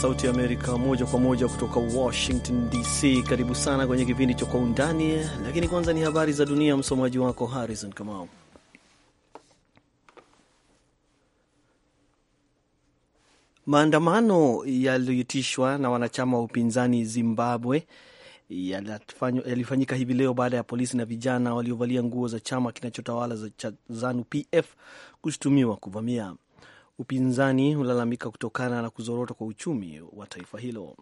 Sauti ya Amerika moja kwa moja kutoka Washington DC. Karibu sana kwenye kipindi cha Kwa Undani, lakini kwanza ni habari za dunia. Msomaji wako Harrison Kamau. Maandamano yaliyoitishwa na wanachama wa upinzani Zimbabwe yalifanyika hivi leo baada ya polisi na vijana waliovalia nguo za chama kinachotawala za ZANU PF kushutumiwa kuvamia upinzani hulalamika kutokana na kuzorota kwa uchumi wa taifa hilo.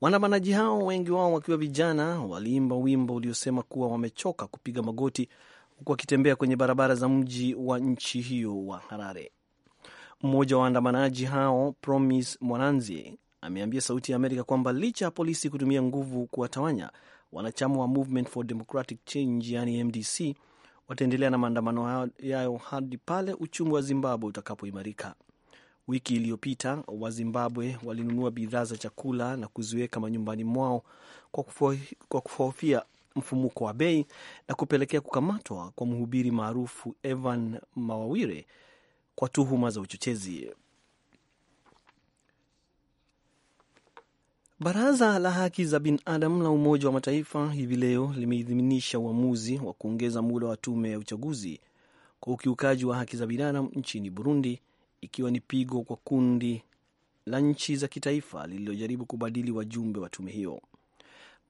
Waandamanaji hao wengi wao wakiwa vijana waliimba wimbo uliosema kuwa wamechoka kupiga magoti, huku wakitembea kwenye barabara za mji wa nchi hiyo wa Harare. Mmoja wa waandamanaji hao promis Mwananzi ameambia Sauti ya Amerika kwamba licha ya polisi kutumia nguvu kuwatawanya wanachama wa Movement for Democratic Change, yani MDC wataendelea na maandamano yayo hadi pale uchumi wa Zimbabwe utakapoimarika. Wiki iliyopita Wazimbabwe walinunua bidhaa za chakula na kuziweka manyumbani mwao kwa kuhofia mfumuko wa bei na kupelekea kukamatwa kwa mhubiri maarufu Evan Mawawire kwa tuhuma za uchochezi. Baraza la haki za binadamu la Umoja wa Mataifa hivi leo limeidhinisha uamuzi wa kuongeza muda wa tume ya uchaguzi kwa ukiukaji wa haki za binadamu nchini Burundi, ikiwa ni pigo kwa kundi la nchi za kitaifa lililojaribu kubadili wajumbe wa tume hiyo.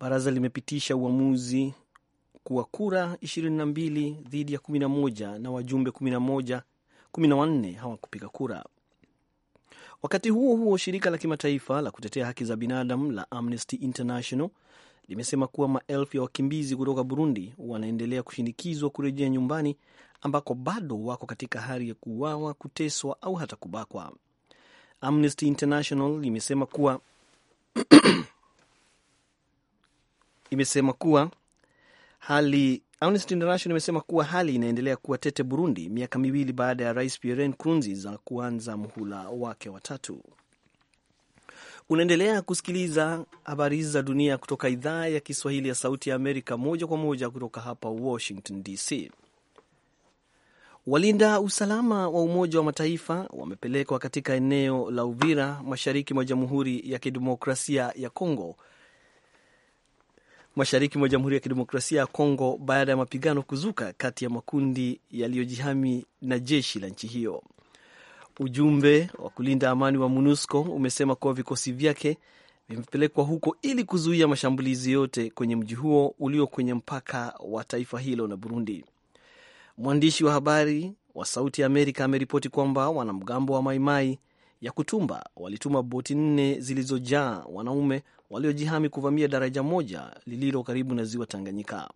Baraza limepitisha uamuzi kuwa kura 22 dhidi ya 11 na wajumbe 11 14 hawakupiga kura. Wakati huo huo, shirika la kimataifa la kutetea haki za binadamu la Amnesty International limesema kuwa maelfu ya wakimbizi kutoka Burundi wanaendelea kushinikizwa kurejea nyumbani ambako bado wako katika hali ya kuuawa, kuteswa au hata kubakwa. Amnesty International imesema kuwa imesema kuwa hali Amnesty International imesema kuwa hali inaendelea kuwa tete Burundi, miaka miwili baada ya rais Pierre Nkurunziza kuanza mhula wake watatu. Unaendelea kusikiliza habari za dunia kutoka idhaa ya Kiswahili ya Sauti ya Amerika, moja kwa moja kutoka hapa Washington DC. Walinda usalama wa Umoja wa Mataifa wamepelekwa katika eneo la Uvira, mashariki mwa Jamhuri ya Kidemokrasia ya congo mashariki mwa Jamhuri ya Kidemokrasia ya Kongo baada ya mapigano kuzuka kati ya makundi yaliyojihami na jeshi la nchi hiyo. Ujumbe wa kulinda amani wa MONUSCO umesema kuwa vikosi vyake vimepelekwa huko ili kuzuia mashambulizi yote kwenye mji huo ulio kwenye mpaka wa taifa hilo na Burundi. Mwandishi wa habari wa Sauti ya Amerika ameripoti kwamba wanamgambo wa Maimai ya Kutumba walituma boti nne zilizojaa wanaume waliojihami kuvamia daraja moja lililo karibu na ziwa Tanganyika.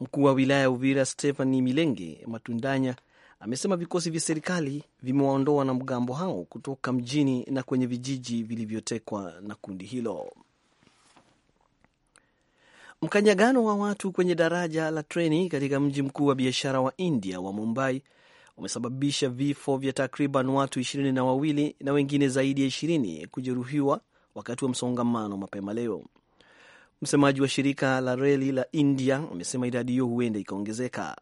Mkuu wa wilaya ya Uvira stehani Milenge Matundanya amesema vikosi vya serikali vimewaondoa na mgambo hao kutoka mjini na kwenye vijiji vilivyotekwa na kundi hilo. Mkanyagano wa watu kwenye daraja la treni katika mji mkuu wa biashara wa India wa Mumbai umesababisha vifo vya takriban watu ishirini na wawili na wengine zaidi ya ishirini kujeruhiwa wakati wa msongamano mapema leo. Msemaji wa shirika la reli la India amesema idadi hiyo huenda ikaongezeka.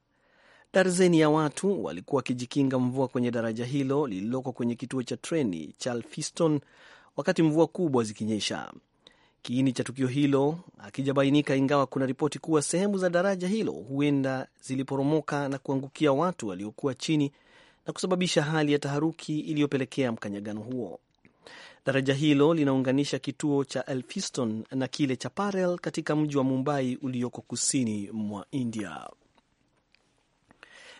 Darzeni ya watu walikuwa wakijikinga mvua kwenye daraja hilo lililoko kwenye kituo cha treni cha Alfiston wakati mvua kubwa zikinyesha. Kiini cha tukio hilo hakijabainika, ingawa kuna ripoti kuwa sehemu za daraja hilo huenda ziliporomoka na kuangukia watu waliokuwa chini na kusababisha hali ya taharuki iliyopelekea mkanyagano huo. Daraja hilo linaunganisha kituo cha Elphiston na kile cha Parel katika mji wa Mumbai ulioko kusini mwa India.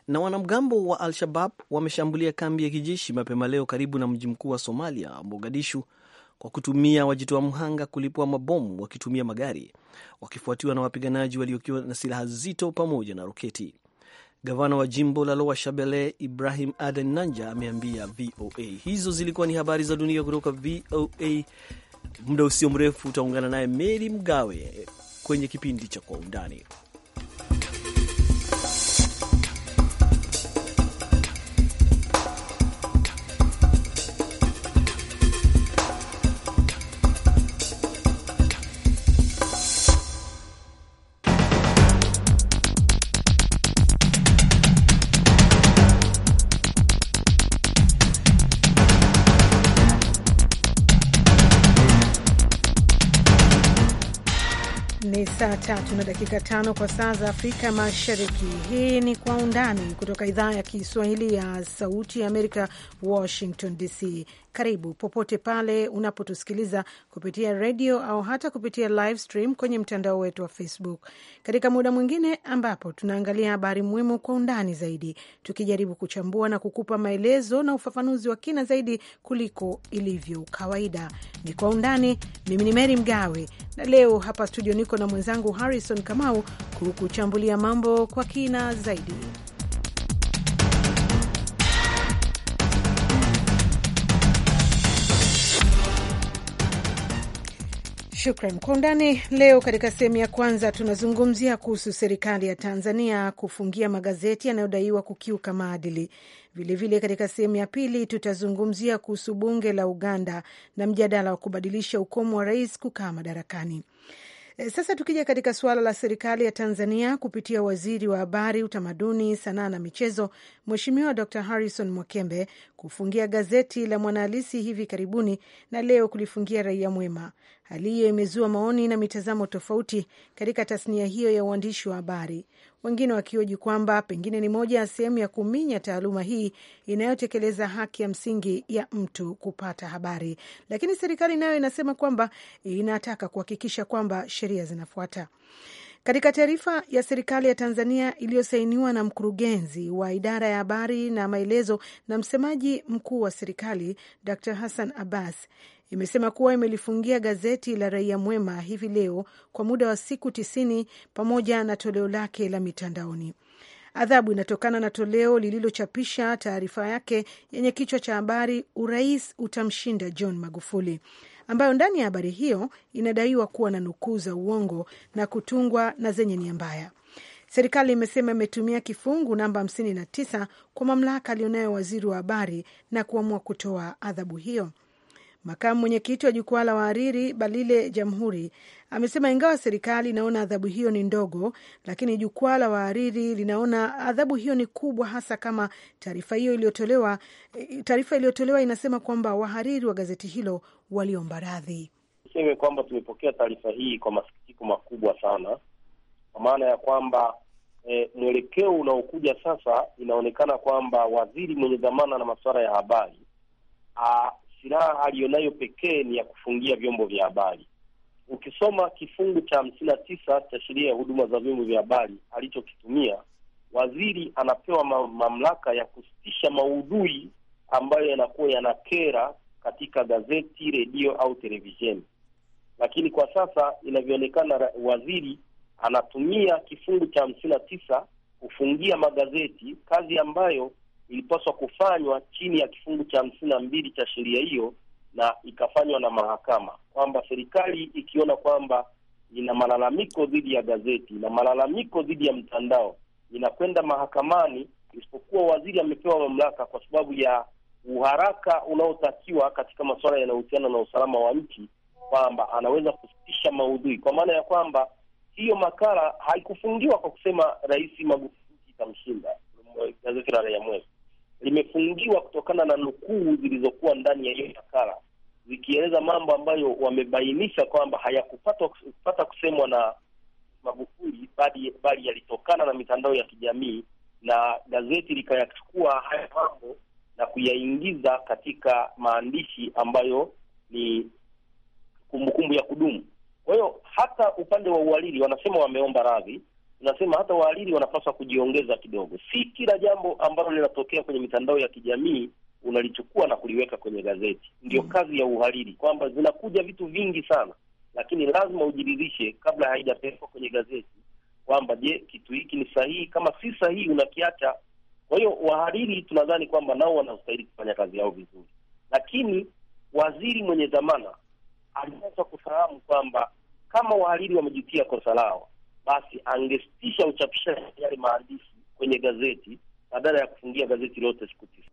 Na wanamgambo wa Al-Shabab wameshambulia kambi ya kijeshi mapema leo karibu na mji mkuu wa Somalia, Mogadishu, kwa kutumia wajitoa mhanga kulipua mabomu wakitumia magari, wakifuatiwa na wapiganaji waliokiwa na silaha zito pamoja na roketi. Gavana wa jimbo la lowa shabele Ibrahim Aden Nanja ameambia VOA. Hizo zilikuwa ni habari za dunia kutoka VOA. Muda usio mrefu utaungana naye Meri Mgawe kwenye kipindi cha Kwa Undani. tatu na dakika tano kwa saa za Afrika Mashariki. Hii ni Kwa Undani kutoka idhaa ya Kiswahili ya Sauti ya Amerika, Washington DC. Karibu popote pale unapotusikiliza kupitia redio au hata kupitia live stream kwenye mtandao wetu wa Facebook, katika muda mwingine ambapo tunaangalia habari muhimu kwa undani zaidi, tukijaribu kuchambua na kukupa maelezo na ufafanuzi wa kina zaidi kuliko ilivyo kawaida. Ni Kwa Undani. Mimi ni Meri Mgawe, na leo hapa studio niko na mwenzangu Harrison Kamau kukuchambulia mambo kwa kina zaidi. Shukran. Kwa undani leo, katika sehemu ya kwanza tunazungumzia kuhusu serikali ya Tanzania kufungia magazeti yanayodaiwa kukiuka maadili. Vilevile, katika sehemu ya pili tutazungumzia kuhusu bunge la Uganda na mjadala wa kubadilisha ukomo wa rais kukaa madarakani. Eh, sasa tukija katika suala la serikali ya Tanzania kupitia waziri wa habari, utamaduni, sanaa na michezo, Mheshimiwa Dr Harrison Mwakembe kufungia gazeti la Mwanahalisi hivi karibuni na leo kulifungia Raia Mwema. Hali hiyo imezua maoni na mitazamo tofauti katika tasnia hiyo ya uandishi wa habari, wengine wakioji kwamba pengine ni moja ya sehemu ya kuminya taaluma hii inayotekeleza haki ya msingi ya mtu kupata habari. Lakini serikali nayo inasema kwamba inataka kuhakikisha kwamba sheria zinafuata. Katika taarifa ya serikali ya Tanzania iliyosainiwa na mkurugenzi wa idara ya habari na maelezo na msemaji mkuu wa serikali Dr Hassan Abbas imesema kuwa imelifungia gazeti la Raia Mwema hivi leo kwa muda wa siku tisini pamoja na toleo lake la mitandaoni. Adhabu inatokana na toleo lililochapisha taarifa yake yenye kichwa cha habari urais utamshinda John Magufuli, ambayo ndani ya habari hiyo inadaiwa kuwa na nukuu za uongo na kutungwa na zenye nia mbaya. Serikali imesema imetumia kifungu namba 59 kwa mamlaka aliyonayo waziri wa habari na kuamua kutoa adhabu hiyo. Makamu mwenyekiti wa jukwaa la wahariri Balile Jamhuri amesema ingawa serikali inaona adhabu hiyo ni ndogo, lakini jukwaa la wahariri linaona adhabu hiyo ni kubwa, hasa kama taarifa hiyo iliyotolewa eh, taarifa iliyotolewa inasema kwamba wahariri wa gazeti hilo waliomba radhi. Niseme kwamba tumepokea taarifa hii kwa masikitiko makubwa sana, kwa maana ya kwamba e, mwelekeo unaokuja sasa, inaonekana kwamba waziri mwenye dhamana na masuala ya habari ah, silaha aliyonayo pekee ni ya kufungia vyombo vya habari. Ukisoma kifungu cha hamsini na tisa cha sheria ya huduma za vyombo vya habari alichokitumia waziri, anapewa mamlaka ya kusitisha maudhui ambayo yanakuwa yanakera katika gazeti, redio au televisheni. Lakini kwa sasa inavyoonekana, waziri anatumia kifungu cha hamsini na tisa kufungia magazeti, kazi ambayo ilipaswa kufanywa chini ya kifungu cha hamsini na mbili cha sheria hiyo, na ikafanywa na mahakama kwamba serikali ikiona kwamba ina malalamiko dhidi ya gazeti na malalamiko dhidi ya mtandao inakwenda mahakamani, isipokuwa waziri amepewa mamlaka kwa sababu ya uharaka unaotakiwa katika masuala yanayohusiana na usalama wa nchi, kwamba anaweza kusitisha maudhui, kwa maana ya kwamba hiyo makala haikufungiwa kwa kusema Rais Magufuli itamshinda gazeti la Raia limefungiwa kutokana na nukuu zilizokuwa ndani ya hiyo nakala zikieleza mambo ambayo wamebainisha kwamba hayakupata kusemwa na Magufuli, bali bali yalitokana na mitandao ya kijamii, na gazeti likayachukua haya mambo na kuyaingiza katika maandishi ambayo ni kumbukumbu ya kudumu. Kwa hiyo hata upande wa uhalili wanasema wameomba radhi, tunasema hata wahariri wanapaswa kujiongeza kidogo. Si kila jambo ambalo linatokea kwenye mitandao ya kijamii unalichukua na kuliweka kwenye gazeti. Ndio mm, kazi ya uhariri, kwamba zinakuja vitu vingi sana, lakini lazima ujiridhishe kabla haijapelekwa kwenye gazeti kwamba je, kitu hiki ni sahihi? Kama si sahihi, unakiacha. Kwa hiyo wahariri tunadhani kwamba nao wanastahili kufanya kazi yao vizuri, lakini waziri mwenye dhamana alipaswa kufahamu kwamba kama wahariri wamejutia kosa lao basi angesitisha uchapishaji yale maandishi kwenye gazeti badala ya kufungia gazeti lote siku tisa.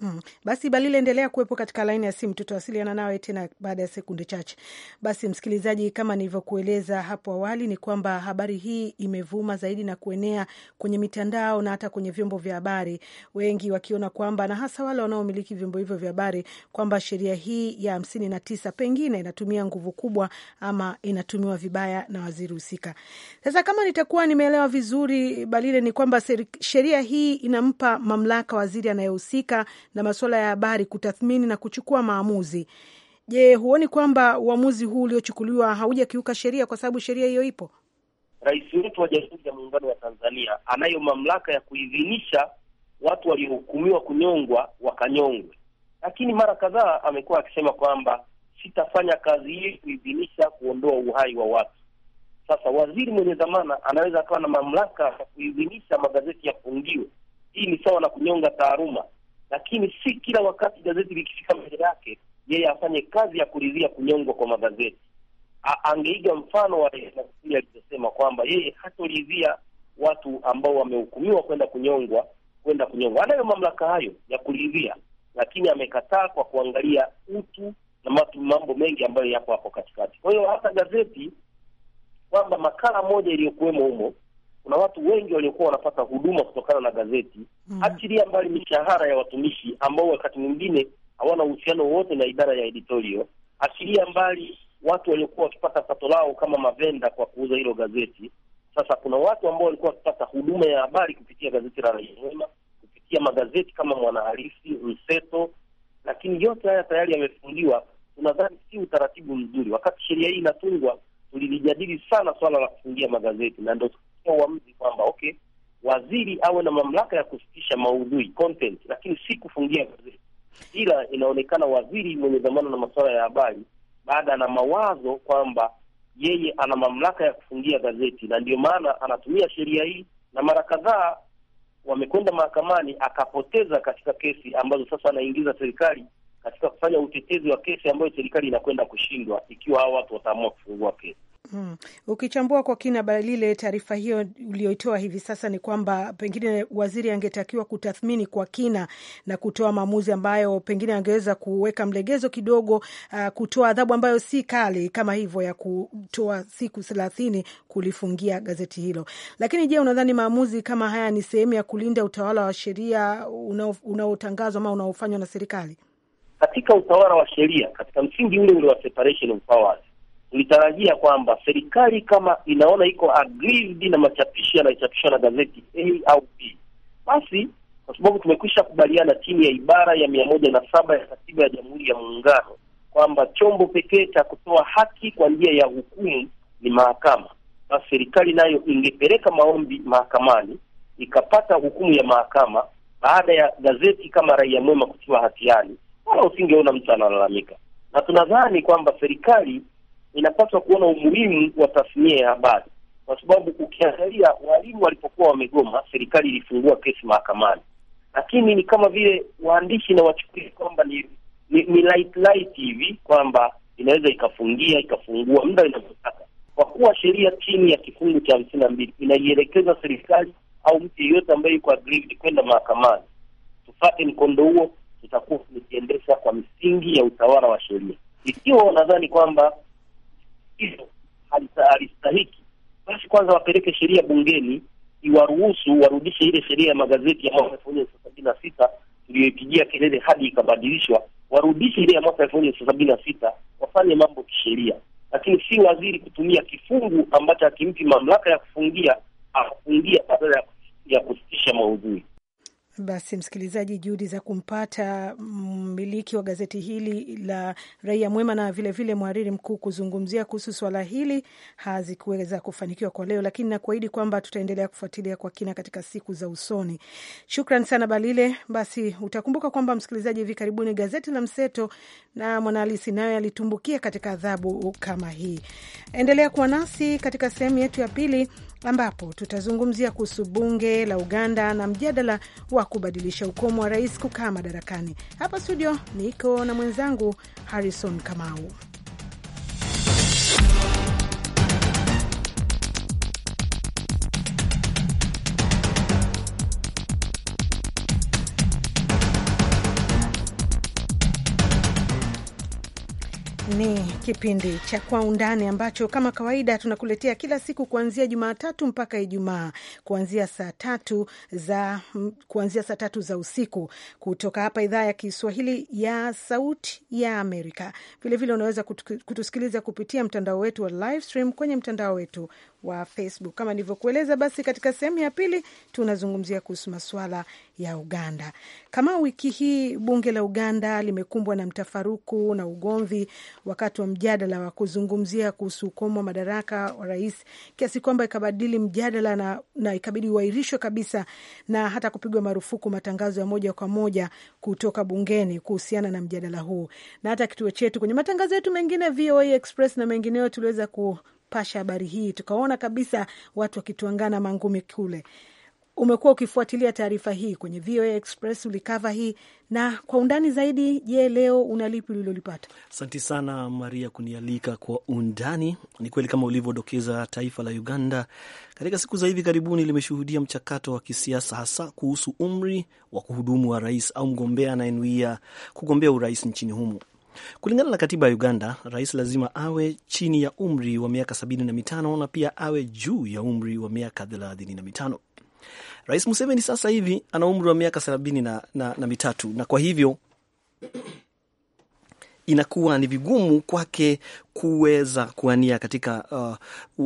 Mm. Basi Balile, endelea kuwepo katika laini ya simu, tutawasiliana nawe tena baada ya sekunde chache. Basi msikilizaji, kama nilivyokueleza hapo awali, ni kwamba habari hii imevuma zaidi na kuenea kwenye mitandao na hata kwenye vyombo vya habari, wengi wakiona kwamba, na hasa wale wanaomiliki vyombo hivyo vya habari, kwamba sheria hii ya hamsini na tisa pengine inatumia nguvu kubwa ama inatumiwa vibaya na waziri husika. Sasa kama nitakuwa nimeelewa vizuri, Balile, ni kwamba sheria hii inampa mamlaka waziri anayehusika na masuala ya habari kutathmini na kuchukua maamuzi. Je, huoni kwamba uamuzi huu uliochukuliwa haujakiuka sheria, kwa sababu sheria hiyo ipo? Rais wetu wa Jamhuri ya Muungano wa Tanzania anayo mamlaka ya kuidhinisha watu waliohukumiwa kunyongwa wakanyongwe, lakini mara kadhaa amekuwa akisema kwamba sitafanya kazi hii kuidhinisha kuondoa uhai wa watu. Sasa waziri mwenye dhamana anaweza akawa na mamlaka ya kuidhinisha magazeti yafungiwe. Hii ni sawa na kunyonga taaluma lakini si kila wakati gazeti likifika mbele yake yeye afanye kazi ya kuridhia kunyongwa kwa magazeti. Angeiga mfano wa Magufuli alivyosema kwamba yeye hatoridhia watu ambao wamehukumiwa kwenda kunyongwa kwenda kunyongwa. Anayo mamlaka hayo ya kuridhia, lakini amekataa kwa kuangalia utu na mambo mengi ambayo yapo hapo katikati. Kwa hiyo hata gazeti kwamba makala moja iliyokuwemo humo kuna watu wengi waliokuwa wanapata huduma kutokana na gazeti mm. Achilia mbali mishahara ya watumishi ambao wakati mwingine hawana uhusiano wowote na idara ya editorio. Achilia mbali watu waliokuwa wakipata pato lao kama mavenda kwa kuuza hilo gazeti. Sasa kuna watu ambao walikuwa wakipata huduma ya habari kupitia gazeti la Raia Mwema, kupitia magazeti kama Mwanahalisi, Mseto, lakini yote haya tayari yamefungiwa. Tunadhani si utaratibu mzuri. Wakati sheria hii inatungwa, tulilijadili sana swala la kufungia magazeti na ndo kufikia uamuzi kwamba okay, waziri awe na mamlaka ya kusitisha maudhui content, lakini si kufungia gazeti. Ila inaonekana waziri mwenye dhamana na masuala ya habari baada ana mawazo kwamba yeye ana mamlaka ya kufungia gazeti, na ndio maana anatumia sheria hii, na mara kadhaa wamekwenda mahakamani akapoteza katika kesi ambazo sasa anaingiza serikali katika kufanya utetezi wa kesi ambayo serikali inakwenda kushindwa ikiwa hao watu wataamua kufungua kesi. Hmm. Ukichambua kwa kina balile taarifa hiyo uliyoitoa hivi sasa, ni kwamba pengine waziri angetakiwa kutathmini kwa kina na kutoa maamuzi ambayo pengine angeweza kuweka mlegezo kidogo, uh, kutoa adhabu ambayo si kali kama hivyo ya kutoa siku thelathini kulifungia gazeti hilo. Lakini je, unadhani maamuzi kama haya ni sehemu ya kulinda utawala wa sheria unaotangazwa ama unaofanywa na serikali? Katika utawala wa sheria, katika msingi ule ule wa separation of powers tulitarajia kwamba serikali kama inaona iko aggrieved na machapisho yanayochapishwa na gazeti A au B, basi kwa sababu tumekwisha kubaliana chini ya ibara ya mia moja na saba ya katiba ya Jamhuri ya Muungano kwamba chombo pekee cha kutoa haki kwa njia ya hukumu ni mahakama, basi serikali nayo ingepeleka maombi mahakamani ikapata hukumu ya mahakama baada ya gazeti kama Raia Mwema kutiwa hatiani, wala usingeona mtu analalamika, na tunadhani kwamba serikali inapaswa kuona umuhimu wa tasnia ya habari, kwa sababu ukiangalia walimu walipokuwa wamegoma, serikali ilifungua kesi mahakamani, lakini ni kama vile waandishi na wachukulia kwamba ni, ni, ni light light hivi kwamba inaweza ikafungia ikafungua muda inavyotaka, kwa kuwa sheria chini ya kifungu cha hamsini na mbili inaielekeza serikali au mtu yeyote ambaye yuko aggrieved kwenda mahakamani. Tufate mkondo huo, tutakuwa tumejiendesha kwa misingi ya utawala wa sheria. Ikiwa wanadhani kwamba hilo halistahiki, basi kwanza wapeleke sheria bungeni iwaruhusu warudishe ile sheria ya magazeti ya mwaka elfu moja tisa sabini na sita tuliyoipigia kelele hadi ikabadilishwa. Warudishe ile ya mwaka elfu moja tisa sabini na sita wafanye mambo kisheria, lakini si waziri kutumia kifungu ambacho akimpi mamlaka ya kufungia, afungia badala ya kusitisha maudhui. Basi msikilizaji, juhudi za kumpata mmiliki wa gazeti hili la Raia Mwema na vilevile mhariri mkuu kuzungumzia kuhusu swala hili hazikuweza kufanikiwa kwa leo, lakini nakuahidi kwamba tutaendelea kufuatilia kwa kina katika siku za usoni. Shukran sana Balile. Basi utakumbuka kwamba msikilizaji, hivi karibuni gazeti la Mseto na Mwanahalisi nayo yalitumbukia katika adhabu kama hii. Endelea kuwa nasi katika sehemu yetu ya pili ambapo tutazungumzia kuhusu bunge la Uganda na mjadala wa kubadilisha ukomo wa rais kukaa madarakani. Hapa studio niko na mwenzangu Harrison Kamau. Ni kipindi cha Kwa Undani ambacho kama kawaida tunakuletea kila siku kuanzia Jumatatu mpaka Ijumaa, kuanzia saa tatu za kuanzia saa tatu za usiku kutoka hapa idhaa ya Kiswahili ya Sauti ya Amerika. Vilevile unaweza kutusikiliza kupitia mtandao wetu wa live stream kwenye mtandao wetu wa Facebook. Kama nilivyokueleza, basi katika sehemu ya pili tunazungumzia kuhusu masuala ya Uganda. Kama wiki hii bunge la Uganda limekumbwa na mtafaruku na ugomvi wakati wa mjadala wa kuzungumzia kuhusu ukomo wa madaraka wa rais, kiasi kwamba ikabadili mjadala na, na ikabidi uahirishwe kabisa na hata kupigwa marufuku matangazo ya moja kwa moja kutoka bungeni kuhusiana na mjadala huu, na hata kituo chetu kwenye matangazo yetu mengine VOA Express na mengineo tuliweza ku kupasha habari hii, tukaona kabisa watu wakituangana mangumi kule. Umekuwa ukifuatilia taarifa hii kwenye VOA Express, ulikava hii na kwa undani zaidi. Je, leo una lipi ulilolipata? Asante sana Maria kunialika kwa undani. Ni kweli kama ulivyodokeza, taifa la Uganda katika siku za hivi karibuni limeshuhudia mchakato wa kisiasa, hasa kuhusu umri wa kuhudumu wa rais au mgombea anayenuia kugombea urais nchini humo. Kulingana na katiba ya Uganda, rais lazima awe chini ya umri wa miaka sabini na mitano na pia awe juu ya umri wa miaka thelathini na mitano. Rais Museveni sasa hivi ana umri wa miaka sabini na, na, na mitatu na kwa hivyo inakuwa ni vigumu kwake kuweza kuania katika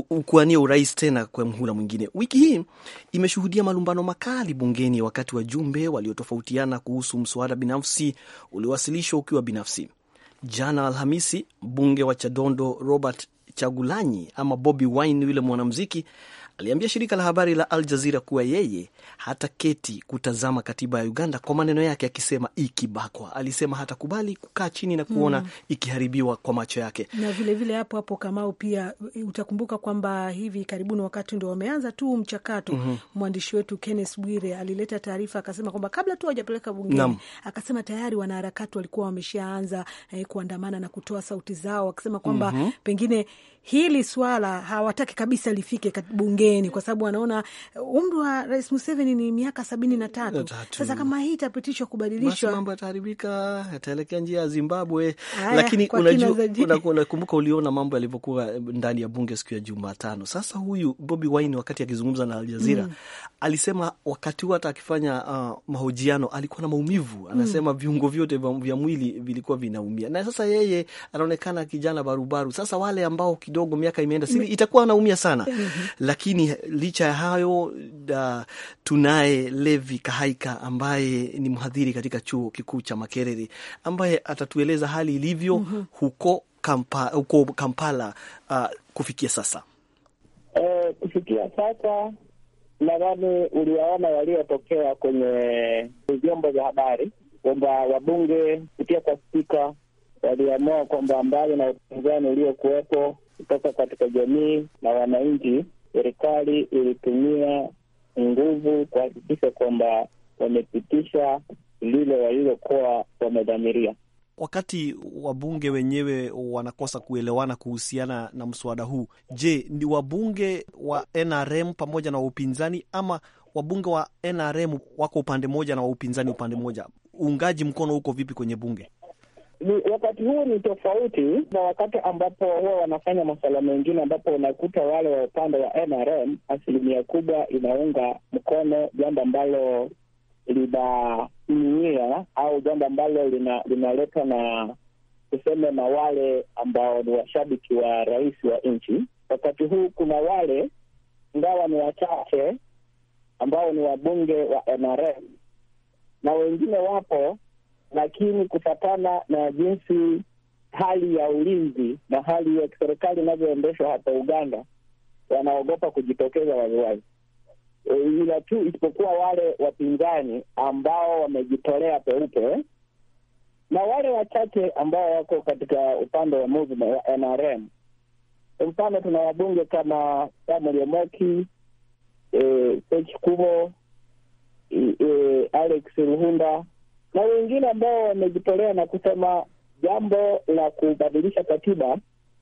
uh, kuania urais tena kwa mhula mwingine. Wiki hii imeshuhudia malumbano makali bungeni wakati wajumbe waliotofautiana kuhusu mswada binafsi uliowasilishwa ukiwa binafsi. Jana Alhamisi, mbunge wa Chadondo Robert Chagulanyi ama Bobi Wine, yule mwanamuziki aliambia shirika la habari la Al Jazeera kuwa yeye hata keti kutazama katiba ya Uganda kwa maneno yake, akisema ikibakwa. Alisema hatakubali kukaa chini na kuona mm, ikiharibiwa kwa macho yake. Na vilevile hapo hapo, Kamau, pia utakumbuka kwamba hivi karibuni, wakati ndo wameanza tu mchakato mm -hmm. mwandishi wetu Kenneth Bwire alileta taarifa akasema kwamba kabla tu hawajapeleka bungeni, akasema tayari wanaharakati walikuwa wameshaanza eh, kuandamana na kutoa sauti zao, akisema kwamba mm -hmm. pengine hili swala hawataki kabisa lifike bungeni, kwa sababu wanaona uh, umri wa Rais Museveni ni miaka sabini na tatu. Sasa kama hii itapitishwa kubadilishwa, mambo yataharibika, yataelekea njia ya Zimbabwe. Aya, lakini unakumbuka uliona mambo yalivyokuwa eh, ndani ya bunge siku ya Jumatano. Sasa huyu Bobi Wine wakati akizungumza na Aljazira mm. alisema wakati huo hata akifanya uh, mahojiano alikuwa na maumivu, anasema mm. viungo vyote vya mwili vilikuwa vinaumia, na sasa yeye anaonekana kijana barubaru. Sasa wale ambao kidogo miaka imeenda, si itakuwa anaumia sana mm -hmm. Lakini licha ya hayo da, tunaye Levi Kahaika ambaye ni mhadhiri katika chuo kikuu cha Makerere ambaye atatueleza hali ilivyo mm -hmm. huko, Kampa, huko Kampala uh, kufikia sasa eh, kufikia sasa nadhani uliwaona waliotokea kwenye vyombo vya habari kwamba wabunge kupitia kwa spika waliamua kwamba mbali na upinzani uliokuwepo kutoka katika jamii na wananchi, serikali ilitumia nguvu kuhakikisha kwamba wamepitisha lile walilokuwa wamedhamiria. Wakati wabunge wenyewe wanakosa kuelewana kuhusiana na mswada huu, je, ni wabunge wa NRM pamoja na wa upinzani ama wabunge wa NRM wako upande mmoja na wa upinzani upande mmoja? Uungaji mkono huko vipi kwenye bunge? Wakati huu ni tofauti na wakati ambapo huwa wanafanya masuala mengine, ambapo unakuta wale wa upande wa NRM asilimia kubwa inaunga mkono jambo ambalo linanuia au jambo ambalo linaletwa lina na tuseme na wale ambao ni washabiki wa rais wa nchi. Wakati huu kuna wale ingawa ni wachache ambao ni wabunge wa NRM na wengine wapo lakini kufatana na jinsi hali ya ulinzi na hali ya kiserikali inavyoendeshwa hapa Uganda, wanaogopa kujitokeza waziwazi, ila tu isipokuwa wale wapinzani ambao wamejitolea peupe na wale wachache ambao wako katika upande wa movement wa NRM. Mfano, tuna wabunge kama Samuel Omoki, eh, Sechi Kubo, e, e, Alex Ruhunda na wengine ambao wamejitolea na kusema jambo la kubadilisha katiba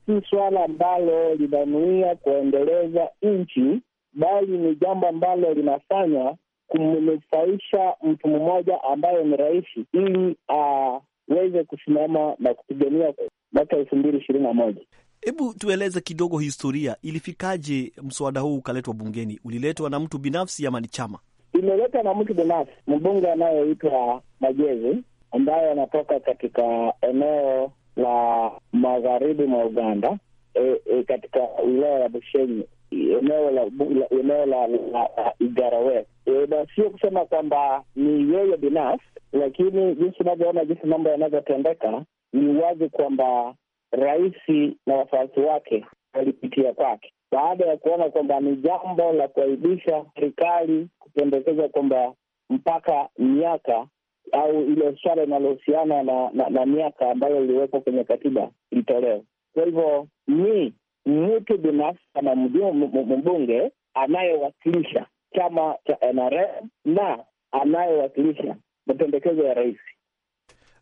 si swala ambalo linanuia kuendeleza nchi, bali ni jambo ambalo linafanya kumnufaisha mtu mmoja ambaye ni rais ili aweze kusimama na kupigania mwaka elfu mbili ishirini na moja. Hebu tueleze kidogo historia, ilifikaje mswada huu ukaletwa bungeni? Uliletwa na mtu binafsi ama ni chama? imeletwa na mtu binafsi, mbunge anayeitwa majezi ambaye anatoka katika eneo la magharibi mwa Uganda, e, e, katika wilaya ya Bushenyi, eneo la eneo la, la Igara West. E, na sio kusema kwamba ni yeye binafsi, lakini jinsi unavyoona jinsi mambo yanavyotendeka ni wazi kwamba rais na wafuasi wake walipitia kwake baada ya kuona kwamba ni jambo la kuaibisha serikali kupendekeza kwamba mpaka miaka au ile swala linalohusiana na, na, na miaka ambayo iliwekwa kwenye katiba ilitolewa. Kwa hivyo ni mtu binafsi kama mbunge anayewakilisha chama cha NRM na anayewakilisha mapendekezo ya rais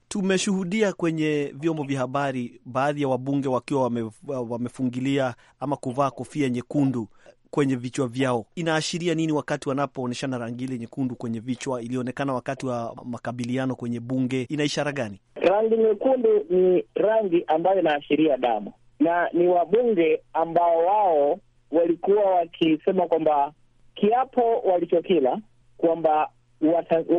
tumeshuhudia kwenye vyombo vya habari baadhi ya wabunge wakiwa wame, wamefungilia ama kuvaa kofia nyekundu kwenye vichwa vyao. Inaashiria nini wakati wanapoonyeshana rangi ile nyekundu kwenye vichwa ilionekana wakati wa makabiliano kwenye bunge? Ina ishara gani? Rangi nyekundu ni rangi ambayo inaashiria damu, na ni wabunge ambao wao walikuwa wakisema kwamba kiapo walichokila kwamba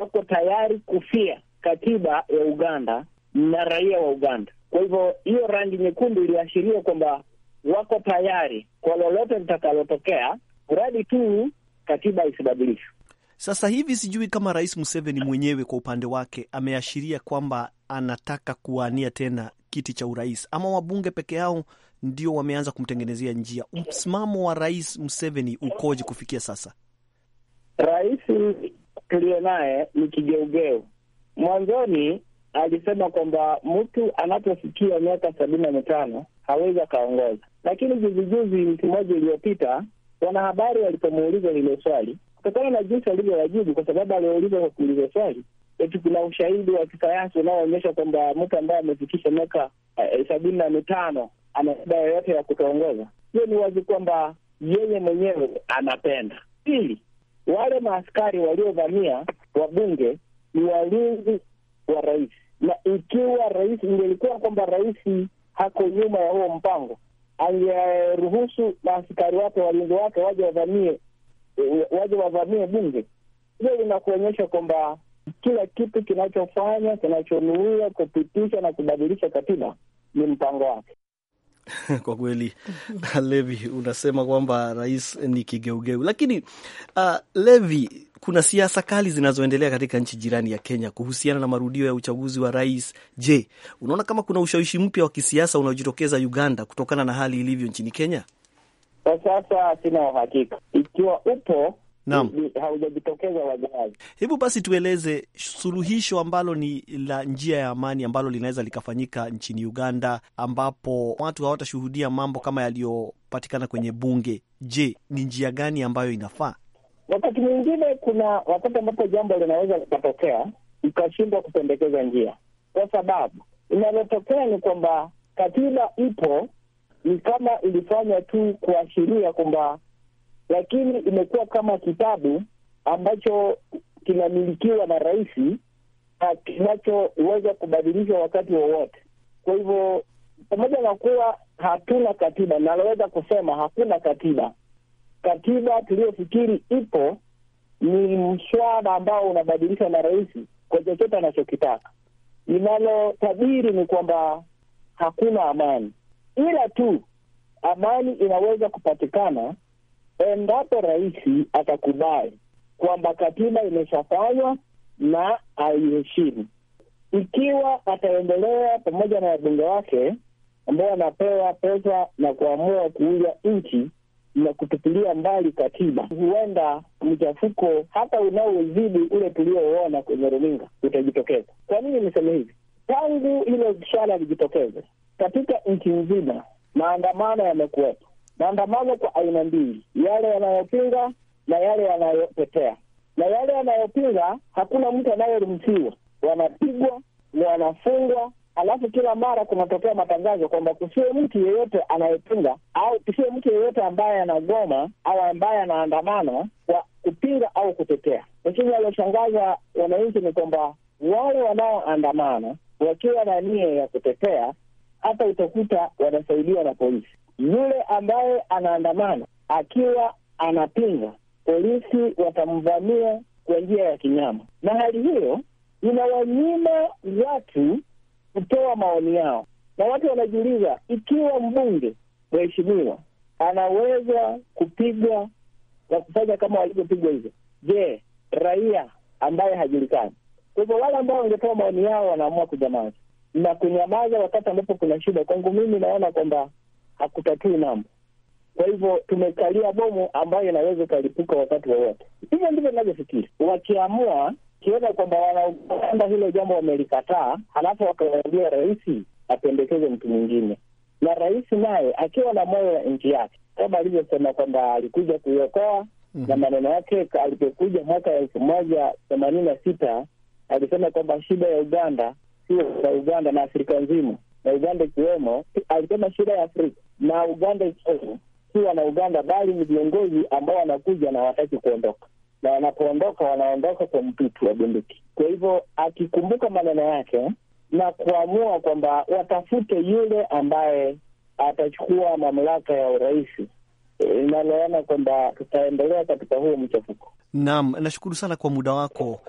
wako tayari kufia katiba ya Uganda na raia wa Uganda. Kwa hivyo hiyo rangi nyekundu iliashiria kwamba wako tayari kwa lolote litakalotokea, mradi tu katiba isibadilishwe. Sasa hivi sijui kama Rais Museveni mwenyewe kwa upande wake ameashiria kwamba anataka kuwania tena kiti cha urais ama wabunge peke yao ndio wameanza kumtengenezea njia. Msimamo wa Rais Museveni ukoje kufikia sasa? Rais tuliyo naye ni kigeugeu, Mwanzoni alisema kwamba mtu anapofikia miaka sabini na mitano hawezi akaongoza, lakini juzijuzi, wiki moja iliyopita, wanahabari walipomuuliza lile swali, kutokana na jinsi alivyowajibu, kwa sababu aliulizwa kwa kuuliza swali eti kuna ushahidi wa kisayansi unaoonyesha kwamba mtu ambaye amefikisha miaka eh, sabini na mitano ana shida yoyote ya kutoongoza. Hiyo ni wazi kwamba yeye mwenyewe anapenda. Pili, wale maaskari waliovamia wabunge ni walinzi wa rais, na ikiwa rais ingelikuwa kwamba rais hako nyuma ya huo mpango, angeruhusu maaskari wake walinzi wake waje wavamie waje wavamie bunge. Hiyo inakuonyesha kwamba kila kitu kinachofanya kinachonuia kupitisha na kubadilisha katiba ni mpango wake. kwa kweli Levi, unasema kwamba rais ni kigeugeu, lakini uh, Levi, kuna siasa kali zinazoendelea katika nchi jirani ya Kenya kuhusiana na marudio ya uchaguzi wa rais. Je, unaona kama kuna ushawishi mpya wa kisiasa unaojitokeza Uganda kutokana na hali ilivyo nchini Kenya kwa sasa? Sina uhakika ikiwa upo naam, haujajitokeza wazazi. Hebu basi tueleze suluhisho ambalo ni la njia ya amani ambalo linaweza likafanyika nchini Uganda, ambapo watu hawatashuhudia mambo kama yaliyopatikana kwenye bunge. Je, ni njia gani ambayo inafaa? Wakati mwingine kuna wakati ambapo jambo linaweza likatokea ikashindwa kupendekeza njia, kwa sababu inalotokea ni kwamba katiba ipo, ni kama ilifanya tu kuashiria kwamba lakini imekuwa kama kitabu ambacho kinamilikiwa na rais na kinachoweza kubadilishwa wakati wowote. Kwa hivyo, pamoja na kuwa hatuna katiba, naloweza kusema hakuna katiba, katiba tuliyofikiri ipo ni mswada ambao unabadilishwa na rais kwa chochote anachokitaka. Linalotabiri ni kwamba hakuna amani, ila tu amani inaweza kupatikana endapo rais atakubali kwamba katiba imeshafanywa na aiheshimu. Ikiwa ataendelea pamoja na wabunge wake ambao wanapewa pesa na kuamua kuuza nchi na kutupilia mbali katiba, huenda mchafuko hata unaozidi ule tuliouona kwenye runinga utajitokeza. Kwa nini niseme hivi? Tangu hilo swala lijitokeze katika nchi nzima, maandamano yamekuwepo maandamano kwa aina mbili, yale yanayopinga na yale yanayotetea. Na yale yanayopinga, hakuna mtu anayeruhusiwa, wanapigwa na wanafungwa, alafu kila mara kunatokea matangazo kwamba kusiwe mtu yeyote anayepinga au kusiwe mtu yeyote ambaye anagoma au ambaye anaandamana kwa kupinga au kutetea. Lakini aloshangaza wananchi ni kwamba wale wanaoandamana wakiwa na nia ya kutetea, hata utakuta wanasaidiwa na polisi. Yule ambaye anaandamana akiwa anapinga, polisi watamvamia kwa njia ya kinyama, na hali hiyo inawanyima watu kutoa maoni yao, na watu wanajiuliza ikiwa mbunge mheshimiwa anaweza kupigwa na kufanya kama walivyopigwa hivyo, je, raia ambaye hajulikani? Kwa hivyo wale ambao wangetoa maoni yao wanaamua kunyamaza na kunyamaza wakati ambapo kuna shida. Kwangu mimi naona kwamba hakutatui mambo. Kwa hivyo tumekalia bomu ambayo inaweza ikalipuka wakati wowote. Hivyo ndivyo inavyofikiri. Wakiamua kiona kwamba wanaoganda hilo jambo wamelikataa, halafu wakamwambia rais apendekeze mtu mwingine, na rais naye akiwa na moyo wa nchi yake kama alivyosema kwamba alikuja kuiokoa mm -hmm. na mhm. maneno yake alipokuja mwaka elfu moja themanini na sita alisema kwamba shida ya Uganda sio za Uganda na Afrika nzima na Uganda ikiwemo, alisema shida ya Afrika na Uganda kuwa na Uganda bali ni viongozi ambao wanakuja na wataki kuondoka, na wanapoondoka wanaondoka kwa mtutu wa bunduki. Kwa hivyo akikumbuka maneno yake na kuamua kwamba watafute yule ambaye atachukua mamlaka ya urais, inaloona kwamba tutaendelea katika huo mchafuko. Naam, nashukuru sana kwa muda wako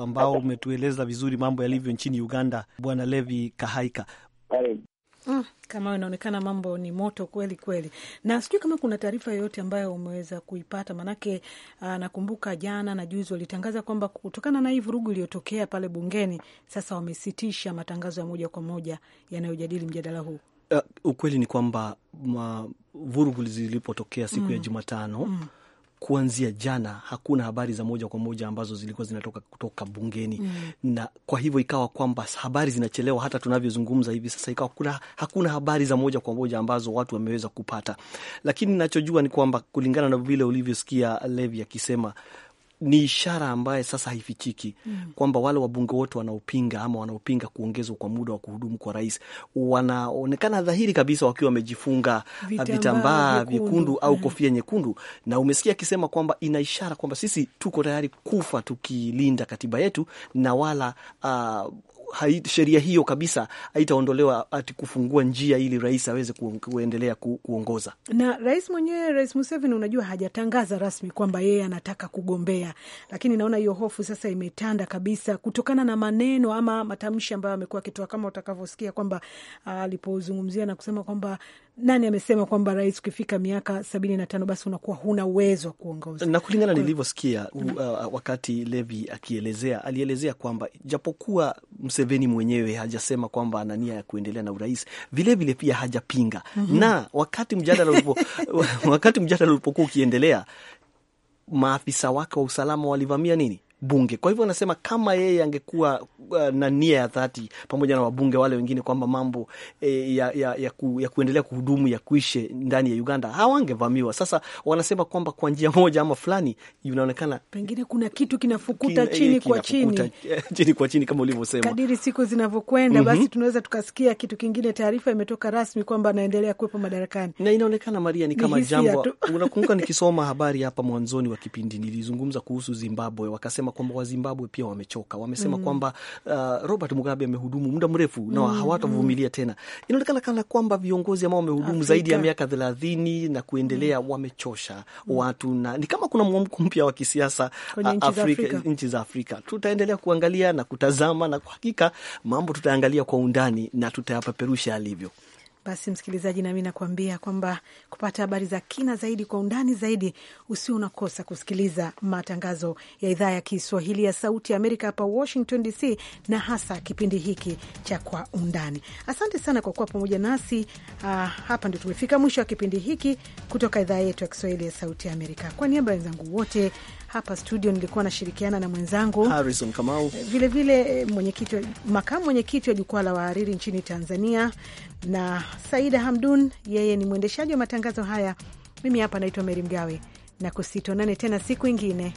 ambao umetueleza vizuri mambo yalivyo nchini Uganda, Bwana Levi Kahaika. Karibu. Mm, kama inaonekana mambo ni moto kweli kweli, na sijui kama kuna taarifa yoyote ambayo umeweza kuipata, maanake ah, nakumbuka jana na juzi walitangaza kwamba kutokana na hii vurugu iliyotokea pale bungeni, sasa wamesitisha matangazo ya moja kwa moja yanayojadili mjadala huu. Uh, ukweli ni kwamba vurugu zilipotokea siku mm. ya Jumatano mm kuanzia jana hakuna habari za moja kwa moja ambazo zilikuwa zinatoka kutoka bungeni mm. na kwa hivyo ikawa kwamba habari zinachelewa, hata tunavyozungumza hivi sasa ikawa kuna, hakuna habari za moja kwa moja ambazo watu wameweza kupata, lakini nachojua ni kwamba kulingana na vile ulivyosikia Levi akisema ni ishara ambaye sasa haifichiki mm. kwamba wale wabunge wote wanaopinga ama wanaopinga kuongezwa kwa muda wa kuhudumu kwa rais wanaonekana dhahiri kabisa wakiwa wamejifunga uh, vitambaa vyekundu au eh. kofia nyekundu, na umesikia akisema kwamba ina ishara kwamba sisi tuko tayari kufa tukilinda katiba yetu na wala uh, sheria hiyo kabisa haitaondolewa ati kufungua njia ili rais aweze kuendelea ku, kuongoza. Na rais mwenyewe, Rais Museveni, unajua hajatangaza rasmi kwamba yeye anataka kugombea, lakini naona hiyo hofu sasa imetanda kabisa kutokana na maneno ama matamshi ambayo amekuwa akitoa, kama utakavyosikia kwamba ah, alipozungumzia na kusema kwamba nani amesema kwamba rais ukifika miaka sabini na tano basi unakuwa huna uwezo wa kuongoza. Na kulingana nilivyosikia uh, wakati Levi akielezea alielezea kwamba japokuwa Mseveni mwenyewe hajasema kwamba ana nia ya kuendelea na urais, vilevile pia hajapinga mm -hmm. Na wakati mjadala ulipo, wakati mjadala ulipokuwa ukiendelea, maafisa wake wa usalama walivamia nini bunge. Kwa hivyo anasema kama yeye angekuwa uh, na nia ya dhati pamoja na wabunge wale wengine kwamba mambo e, ya, ya, ya, ku, ya kuendelea kuhudumu ya kuishe ndani ya Uganda hawangevamiwa. Sasa wanasema kwamba kwa njia moja ama fulani inaonekana pengine kuna kitu kinafukuta kin, eh, chini, kina kwa chini. chini kwa chini kama ulivyosema, kadiri siku zinavyokwenda mm -hmm. Basi tunaweza tukasikia kitu kingine. Taarifa imetoka rasmi kwamba anaendelea kuwepo madarakani na inaonekana Maria ni kama jambo unakumbuka, nikisoma habari hapa mwanzoni wa kipindi nilizungumza kuhusu Zimbabwe, wakasema wanasema kwamba Wazimbabwe pia wamechoka, wamesema mm. kwamba uh, Robert Mugabe amehudumu muda mrefu na mm. hawatavumilia mm. tena. Inaonekana kana kwamba viongozi ambao wamehudumu zaidi ya miaka thelathini na kuendelea mm. wamechosha mm. watu na ni kama kuna mwamko mpya wa kisiasa uh, nchi za Afrika. Tutaendelea kuangalia na kutazama na kwa hakika mambo tutaangalia kwa undani na tutayapeperusha alivyo basi msikilizaji, nami nakuambia kwamba kupata habari za kina zaidi, kwa undani zaidi, usio unakosa kusikiliza matangazo ya idhaa ya Kiswahili ya Sauti ya Amerika hapa Washington DC, na hasa kipindi hiki cha Kwa Undani. Asante sana kwa kuwa pamoja nasi. Ah, hapa ndio tumefika mwisho wa kipindi hiki kutoka idhaa yetu ya Kiswahili ya Sauti ya Amerika. Kwa niaba ya wenzangu wote hapa studio nilikuwa nashirikiana na mwenzangu Harrison Kamau, vilevile eh, eh, mwenyekiti, makamu mwenyekiti wa jukwaa la wahariri nchini Tanzania, na Saida Hamdun, yeye ni mwendeshaji wa matangazo haya. Mimi hapa naitwa Meri Mgawe na kusitonane tena siku ingine.